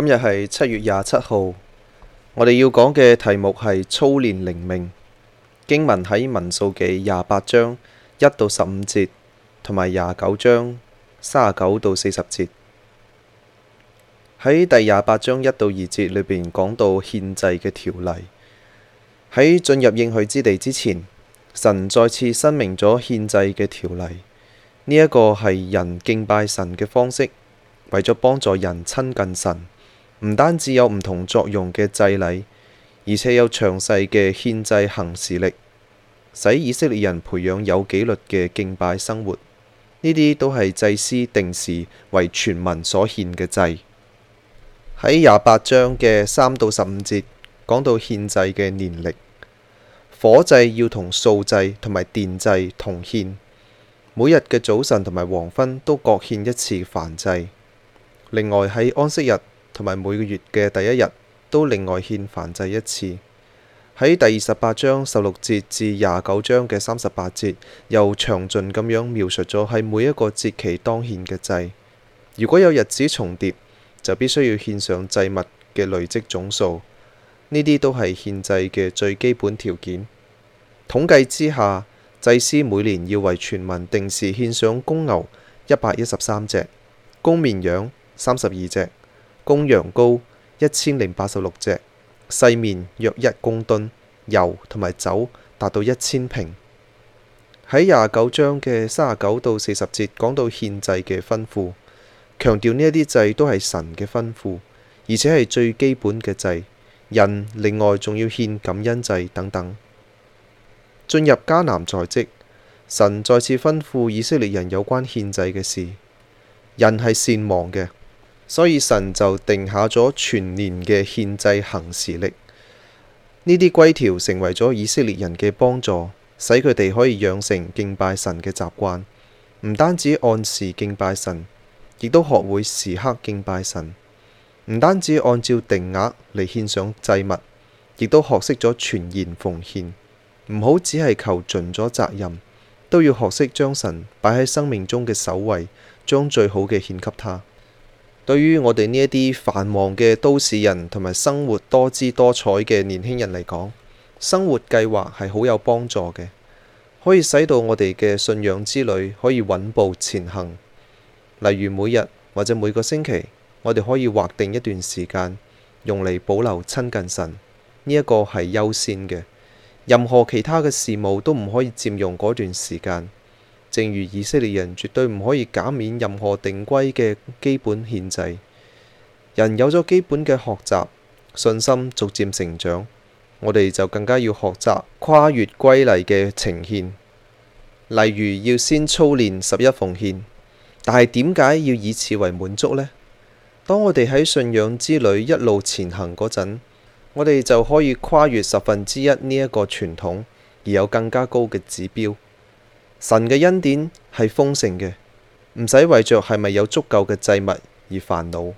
今日係七月廿七號，我哋要講嘅題目係操練靈命。經文喺民數記廿八章一到十五節，同埋廿九章三十九到四十節。喺第廿八章一到二節裏邊講到獻祭嘅條例。喺進入應許之地之前，神再次申明咗獻祭嘅條例。呢、這、一個係人敬拜神嘅方式，為咗幫助人親近神。唔單止有唔同作用嘅祭禮，而且有詳細嘅獻祭行事曆，使以色列人培養有紀律嘅敬拜生活。呢啲都係祭司定時為全民所獻嘅祭。喺廿八章嘅三到十五節講到獻祭嘅年曆，火祭要同素祭同埋奠祭同獻，每日嘅早晨同埋黃昏都各獻一次燔祭。另外喺安息日。同埋每個月嘅第一日都另外獻燔祭一次。喺第二十八章十六節至廿九章嘅三十八節，又詳盡咁樣描述咗喺每一個節期當獻嘅祭。如果有日子重疊，就必須要獻上祭物嘅累積總數。呢啲都係獻祭嘅最基本條件。統計之下，祭司每年要為全民定時獻上公牛一百一十三隻，公綿羊三十二隻。公羊羔一千零八十六隻，細麵約一公噸，油同埋酒達到一千瓶。喺廿九章嘅三十九到四十節講到獻祭嘅吩咐，強調呢一啲祭都係神嘅吩咐，而且係最基本嘅祭。人另外仲要獻感恩祭等等。進入迦南在即，神再次吩咐以色列人有關獻祭嘅事。人係善忘嘅。所以神就定下咗全年嘅獻祭行事曆，呢啲規條成為咗以色列人嘅幫助，使佢哋可以養成敬拜神嘅習慣，唔單止按時敬拜神，亦都學會時刻敬拜神。唔單止按照定額嚟獻上祭物，亦都學識咗全然奉獻，唔好只係求盡咗責任，都要學識將神擺喺生命中嘅首位，將最好嘅獻給他。對於我哋呢一啲繁忙嘅都市人同埋生活多姿多彩嘅年輕人嚟講，生活計劃係好有幫助嘅，可以使到我哋嘅信仰之旅可以穩步前行。例如每日或者每個星期，我哋可以劃定一段時間，用嚟保留親近神，呢一個係優先嘅，任何其他嘅事務都唔可以佔用嗰段時間。正如以色列人絕對唔可以減免任何定規嘅基本獻祭，人有咗基本嘅學習，信心逐漸成長，我哋就更加要學習跨越規例嘅呈現，例如要先操練十一奉獻，但係點解要以此為滿足呢？當我哋喺信仰之旅一路前行嗰陣，我哋就可以跨越十分之一呢一個傳統，而有更加高嘅指標。神嘅恩典係豐盛嘅，唔使為着係咪有足夠嘅祭物而煩惱。